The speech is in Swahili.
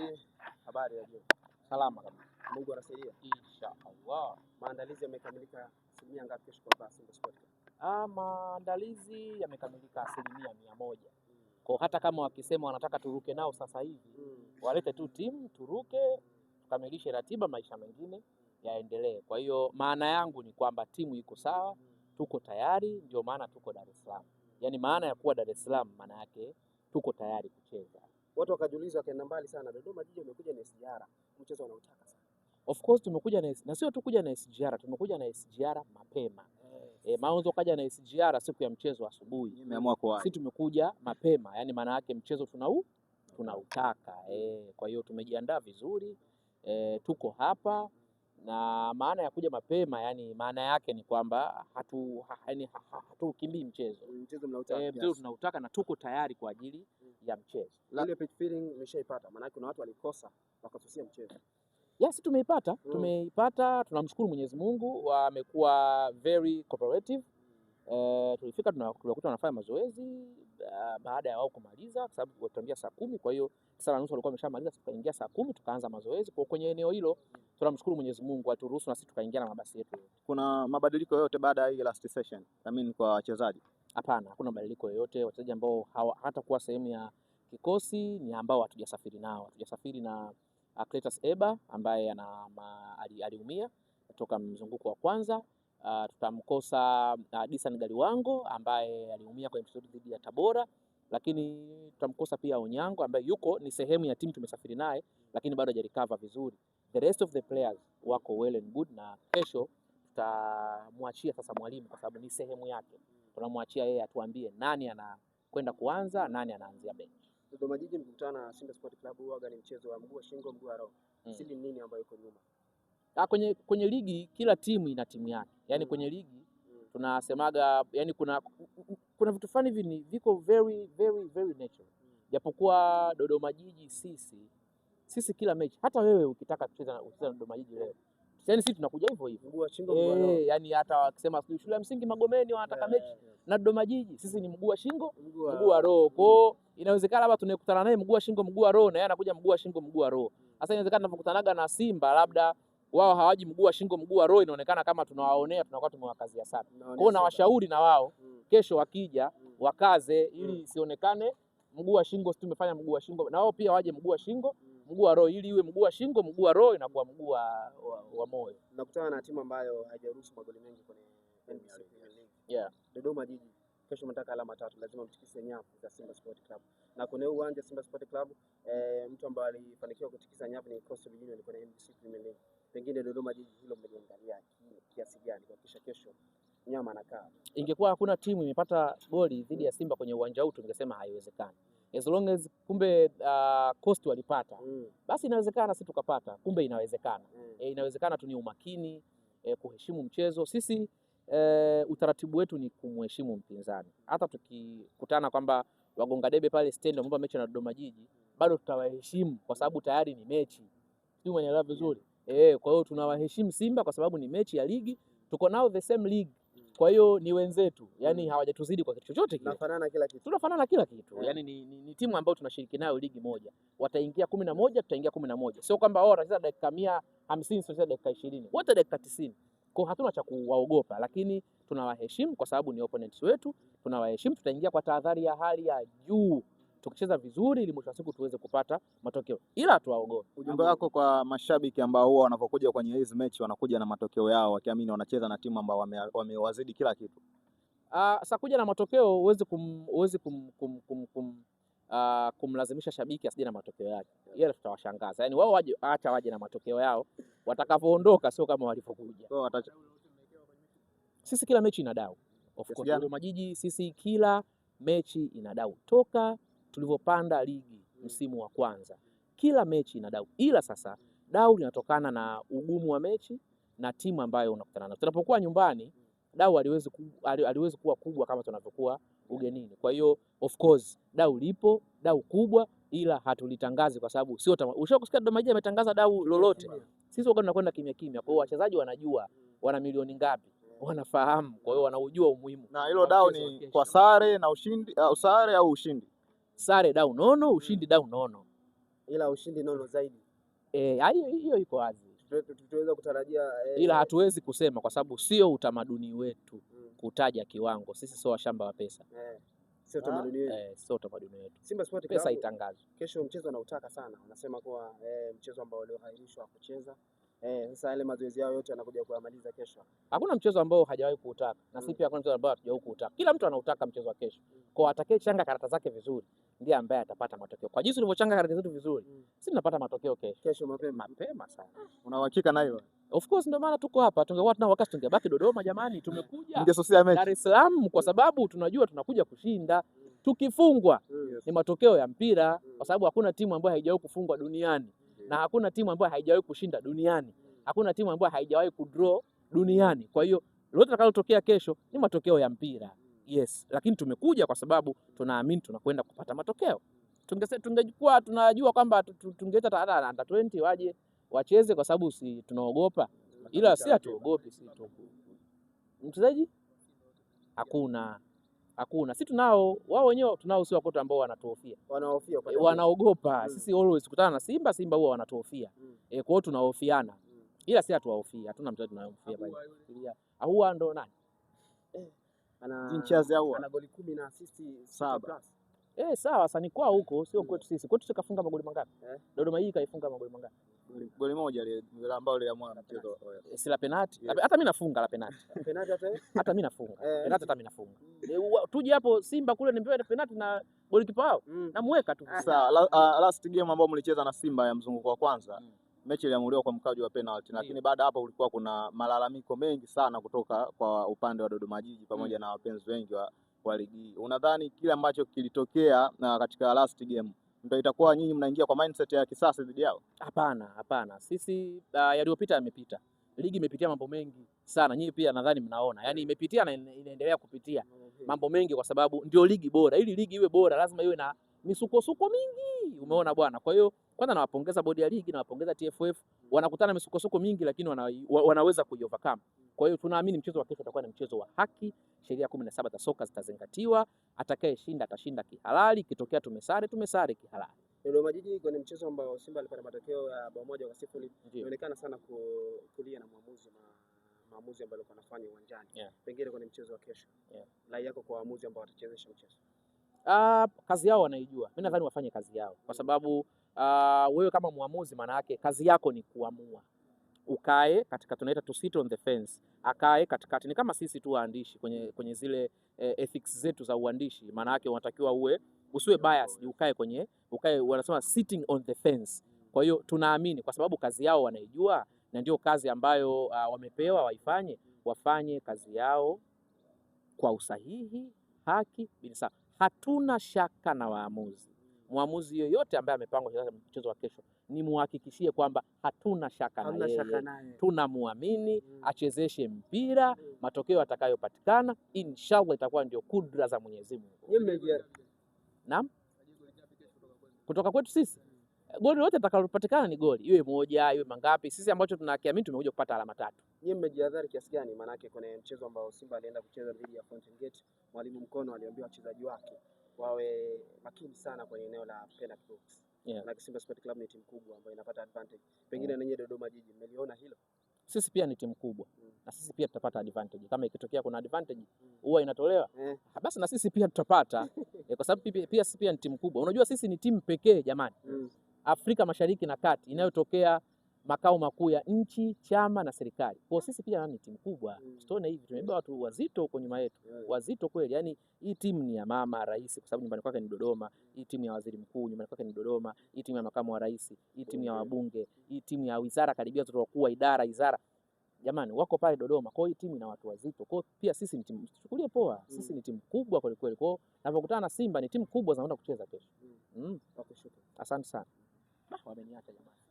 habari. Habari ya jioni. Salama kabisa. Mungu anasaidia. Inshaallah. Maandalizi yamekamilika asilimia ngapi kesho kwa Simba Sports? Ah, maandalizi yamekamilika asilimia mia moja. Kwa hata kama wakisema wanataka turuke nao sasa hivi mm. walete tu timu turuke, tukamilishe ratiba, maisha mengine yaendelee. Kwa hiyo maana yangu ni kwamba timu iko sawa, tuko tayari, ndio maana tuko Dar es Salaam. Yaani maana ya kuwa Dar es Salaam maana yake tuko tayari kucheza watu wakajiuliza, wakaenda mbali sana, Dodoma Jiji imekuja na SGR, mchezo wanaotaka sana. Of course tumekuja na na sio tu kuja na SGR, tumekuja na SGR mapema yes. E, maanzo kaja na SGR siku ya mchezo asubuhi, sisi tumekuja mapema, yani maana yake mchezo tunau tunautaka mm. e, kwa hiyo tumejiandaa vizuri e, tuko hapa na maana ya kuja mapema yani, maana yake ni kwamba hatu yani, hatukimbii mchezo, mchezo mnautaka, eh, mchezo tunautaka na tuko tayari kwa ajili mm. ya mchezo. Ile pitch feeling umeshaipata, maana kuna watu walikosa wakasusia mchezo. Yes, tumeipata mm. tumeipata, tunamshukuru Mwenyezi Mungu, wamekuwa very cooperative mm. e, tulifika tunakuta wanafanya mazoezi eh, baada ya wao kumaliza, kwa sababu watuambia saa kumi, kwa hiyo tisa nusu walikuwa wameshamaliza, tukaingia saa kumi tukaanza mazoezi kwa kwenye eneo hilo mm tunamshukuru Mwenyezi Mungu aturuhusu na sisi tukaingia na mabasi yetu. Kuna mabadiliko yoyote baada ya hii last session? I mean kwa wachezaji? Hapana, hakuna mabadiliko yoyote. Wachezaji ambao kuwa sehemu ya kikosi ni ambao hatujasafiri nao. Hatujasafiri na uh, Cletus Eba ambaye ana aliumia toka mzunguko wa kwanza. Uh, tutamkosa uh, Disan Galiwango ambaye aliumia kwenye mchezo dhidi ya Tabora, lakini tutamkosa pia Onyango ambaye yuko ni sehemu ya timu tumesafiri naye, lakini bado hajarecover vizuri the rest of the players wako well and good, na kesho tutamwachia sasa mwalimu, kwa sababu ni sehemu yake. Tunamwachia yeye atuambie nani anakwenda kuanza, nani anaanzia bench. Dodoma Jiji mkutana na Simba Sport Club, huaga ni mchezo wa mguu wa shingo, mguu wa roho. Hmm. Siri nini ambayo iko nyuma? Ah, kwenye kwenye ligi kila timu ina timu yake, yaani hmm. kwenye ligi hmm. tunasemaga yani kuna kuna vitu fulani hivi viko very very very natural, hmm. japokuwa hmm. Dodoma Jiji sisi sisi kila mechi, hata wewe ukitaka kucheza na Dodoma Jiji leo yani sisi tunakuja hivyo hivyo mguu wa shingo e, yani hata wakisema sijui shule ya msingi Magomeni wanataka mechi yeah, na Dodoma Jiji, sisi ni mguu wa shingo mguu wa roho. Kwao inawezekana labda tunakutana naye mguu wa shingo mguu wa roho, na yeye anakuja mguu wa shingo mguu wa roho. Sasa inawezekana tunapokutanaga na Simba labda wao hawaji mguu wa shingo mguu wa roho, inaonekana kama tunawaonea, tunakuwa tumewakazia sana kwao, na washauri na wao kesho wakija wakaze, ili sionekane mguu wa shingo, si tumefanya mguu wa shingo, na wao pia waje mguu wa shingo mguu wa roho, ili iwe mguu wa shingo, mguu wa roho inakuwa mguu wa, wa, moyo. Nakutana na timu ambayo haijaruhusu magoli mengi kwenye NBC Premier League. Yeah. Dodoma Jiji kesho mtaka alama tatu, lazima mtikise nyavu za Simba Sport Club. Na kwenye uwanja Simba Sport Club eh, mtu ambaye alifanikiwa kutikisa nyavu ni Coastal Union kwenye NBC Premier League. Pengine Dodoma Jiji hilo mmeliangalia kiasi gani kuhakikisha kesho nyama anakaa? Ingekuwa hakuna timu imepata goli dhidi ya Simba kwenye uwanja huu, tungesema haiwezekani as long as kumbe uh, cost walipata mm. Basi inawezekana si tukapata, kumbe inawezekana mm. E, inawezekana tu ni umakini e, kuheshimu mchezo sisi e, utaratibu wetu ni kumheshimu mpinzani. Hata tukikutana kwamba wagonga debe pale stendi wameomba mechi na Dodoma Jiji, mm. bado tutawaheshimu kwa sababu tayari ni mechi, sio umeelewa vizuri? E, kwa hiyo tunawaheshimu Simba kwa sababu ni mechi ya ligi, tuko nao the same league kwa hiyo ni wenzetu, yani mm. hawajatuzidi kwa kitu chochote kile. Tunafanana kila kitu, tunafanana kila kitu yeah. Mm. Yani ni, ni, ni timu ambayo tunashiriki nayo ligi moja, wataingia kumi na moja tutaingia kumi na moja sio kwamba wao oh, watacheza dakika mia hamsini tutacheza dakika ishirini wote dakika tisini kwa hatuna cha kuwaogopa, lakini tunawaheshimu kwa sababu ni opponents wetu, tunawaheshimu, tutaingia kwa tahadhari ya hali ya juu tukicheza vizuri, ili mwisho wa siku tuweze kupata matokeo, ila tuwaogope. Ujumbe wako kwa mashabiki ambao huwa wanapokuja kwenye hizi mechi wanakuja na matokeo yao wakiamini wanacheza na timu ambao wamewazidi wame kila kitu. Uh, sa kuja na matokeo huwezi kum, huwezi kum, kum, kum, kum, uh, kumlazimisha shabiki asije na matokeo yake, yale tutawashangaza. Yaani wao waje, acha waje na matokeo yao, watakavyoondoka sio kama walivyokuja. So, watacha... sisi kila mechi ina dau Of course, Dodoma majiji sisi kila mechi ina dau toka tulivyopanda ligi msimu wa kwanza, kila mechi ina dau, ila sasa dau linatokana na ugumu wa mechi na timu ambayo unakutana nayo. Tunapokuwa nyumbani dau haliwezi ku, aliwezi kuwa kubwa kama tunavyokuwa ugenini. Kwa hiyo of course dau lipo, dau kubwa, ila hatulitangazi kwa sababu sio tama. Ushakusikia Dodoma Jiji ametangaza dau lolote? Sisi wakati tunakwenda kimya kimya. Kwa hiyo wachezaji wanajua wana milioni ngapi, wanafahamu, kwa hiyo wanaujua umuhimu. Na hilo dau ni kwa sare na ushindi, uh, sare au ushindi sare dau nono, mm. ushindi dau nono, ila ushindi nono zaidi. E, hiyo e, iko wazi tutaweza kutarajia eh, ila hatuwezi kusema kwa sababu sio utamaduni wetu mm, kutaja kiwango. Sisi sio washamba wa pesa eh, sio utamaduni ah, wetu e, sio utamaduni wetu. Simba Sports pesa itangazwe. Kesho mchezo anautaka sana, anasema kuwa e, mchezo ambao leo kucheza Eh, sasa yale mazoezi yao yote yanakuja kuyamaliza kesho. Hakuna mchezo ambao hajawahi kuutaka na mm. si pia hakuna mchezo ambao hatujawahi kuutaka. Kila mtu anautaka mchezo wa kesho. Mm. Kwa atakaye changa karata zake vizuri ndiye ambaye atapata matokeo. Kwa jinsi ulivyochanga karata zetu vizuri, mm. sisi tunapata matokeo kesho. Kesho mapema mapema sana. Ah. Una uhakika nayo? Of course ndio maana tuko hapa. Tungekuwa tuna wakati tungebaki Dodoma jamani, tumekuja Dar es Salaam kwa mm. sababu tunajua tunakuja kushinda. Mm. Tukifungwa mm. ni matokeo ya mpira mm. kwa sababu hakuna timu ambayo haijawahi kufungwa duniani na hakuna timu ambayo haijawahi kushinda duniani, hakuna timu ambayo haijawahi kudraw duniani. Kwa hiyo lolote litakalotokea kesho ni matokeo ya mpira yes, lakini tumekuja kwa sababu tunaamini tunakwenda kupata matokeo. Tungekuwa tunajua kwamba tungeita hata under 20 waje wacheze, kwa sababu si tunaogopa, ila si hatuogopi. Si mchezaji hakuna hakuna. Sisi tunao, wao wenyewe tunao, sio wakoto ambao wanatuhofia, wanahofia, eh, wanaogopa. mm. Sisi always kutana na Simba, Simba huwa wanatuhofia mm. E, kwa hiyo tunahofiana mm. ila si hatuwahofia, hatuna mtu tunayemhofia bali Ahoua ndo nani eh, ana ana goli 10 na assist 7 eh, sawa sasa ni kwa huko, sio mm. kwetu sisi. Kwetu tukafunga magoli mangapi? eh? Dodoma hii kaifunga magoli mangapi? goli moja ile ambayo ile ya mwana mchezo eh, si la penalti, hata mimi nafunga la penalti, penalti hata eh? hata mimi nafunga eh. penalti, hata mimi nafunga. Mm. Tuje hapo Simba kule nimepewa ile penalti na golikipa wao mm. namweka tu. Ah, sawa, la, uh, last game ambayo mlicheza na Simba ya mzunguko wa kwanza mm. mechi iliamuliwa kwa mkwaju wa penalti, lakini baada hapo kulikuwa kuna malalamiko mengi sana kutoka kwa upande wa Dodoma Jiji pamoja mm. na wapenzi wengi wa ligi. Unadhani kile ambacho kilitokea na ah, katika last game ndio itakuwa nyinyi mnaingia kwa mindset ya kisasa dhidi yao? Hapana, hapana, sisi uh, yaliyopita yamepita. Ligi imepitia mambo mengi sana, nyinyi pia nadhani mnaona, yani imepitia na inaendelea kupitia mambo mengi, kwa sababu ndio ligi bora. Ili ligi iwe bora lazima iwe na misukosuko mingi, umeona bwana. Kwa hiyo kwanza nawapongeza bodi ya ligi, nawapongeza TFF, wanakutana misukosuko mingi, lakini wana, wanaweza kuiovercome. Kwa hiyo tunaamini mchezo wa kesho utakuwa ni mchezo wa haki, sheria kumi na saba za soka zitazingatiwa, atakayeshinda atashinda kihalali, kitokea tumesare tumesare kihalali. Dodoma Jiji kwenye mchezo ambao Simba alipata matokeo ya bao moja kwa sifuri inaonekana sana kulia na mwamuzi na maamuzi ambayo alikuwa anafanya uwanjani yeah. Pengine kwenye mchezo wa kesho yeah. Rai yako kwa waamuzi ambao watachezesha mchezo Uh, kazi yao wanaijua. Mimi nadhani wafanye kazi yao kwa mm. sababu uh, wewe kama mwamuzi, maana yake kazi yako ni kuamua, ukae katika, tunaita to sit on the fence, akae katikati. Ni kama sisi tu waandishi kwenye, kwenye zile eh, ethics zetu za uandishi, maana yake unatakiwa uwe usiwe bias, ukae kwenye ukae, wanasema sitting on the fence. Kwa hiyo tunaamini kwa sababu kazi yao wanaijua na ndio kazi ambayo uh, wamepewa waifanye, wafanye kazi yao kwa usahihi, haki, binafsi Hatuna shaka na waamuzi. Mwamuzi yoyote ambaye amepangwa mchezo wa kesho, nimuhakikishie kwamba hatuna shaka na yeye, tunamwamini mm. Achezeshe mpira, mm. matokeo atakayopatikana inshallah itakuwa ndio kudra za Mwenyezi Mungu. Naam, kutoka kwetu sisi goli lote litakalopatikana ni goli, iwe moja iwe mangapi, sisi ambacho tunakiamini tumekuja kupata alama tatu nyie mmejihadhari kiasi gani? Maanake kwenye mchezo ambao Simba alienda kucheza dhidi ya Fountain Gate, mwalimu Mkono aliambia wachezaji wake wawe makini sana kwenye eneo la penalty box. Yeah. Na Simba Sport Club ni timu kubwa ambayo inapata advantage. Pengine yeah. Nanyi Dodoma Jiji mmeliona hilo? Sisi pia ni timu kubwa mm. Na sisi pia tutapata advantage kama ikitokea kuna advantage mm. huwa mm. inatolewa eh. Ah, basi na sisi pia tutapata e, kwa sababu pia sisi pia ni timu kubwa. Unajua sisi ni timu pekee jamani mm. Afrika Mashariki na Kati inayotokea makao makuu ya nchi, chama na serikali. Kwa sisi pia ni timu kubwa, mm. tusione hivi tumebeba watu wazito huko nyuma yetu, wazito kweli. Yani hii timu ni ya mama rais, kwa sababu nyumbani kwake ni Dodoma. Hii timu ya waziri mkuu nyumbani kwake ni Dodoma. Hii timu ya makamu wa rais, hii timu ya wabunge, hii timu ya wizara, karibia watoto wakuu wa idara, wizara jamani, wako pale Dodoma. Kwa hiyo timu ina watu wazito, kwa pia sisi ni timu, chukulie poa, mm. sisi ni timu kubwa kweli kweli. Kwa hiyo ninapokutana na Simba ni timu kubwa, zinaenda kucheza kesho. Mm. mm. Asante sana, wameniacha jamani.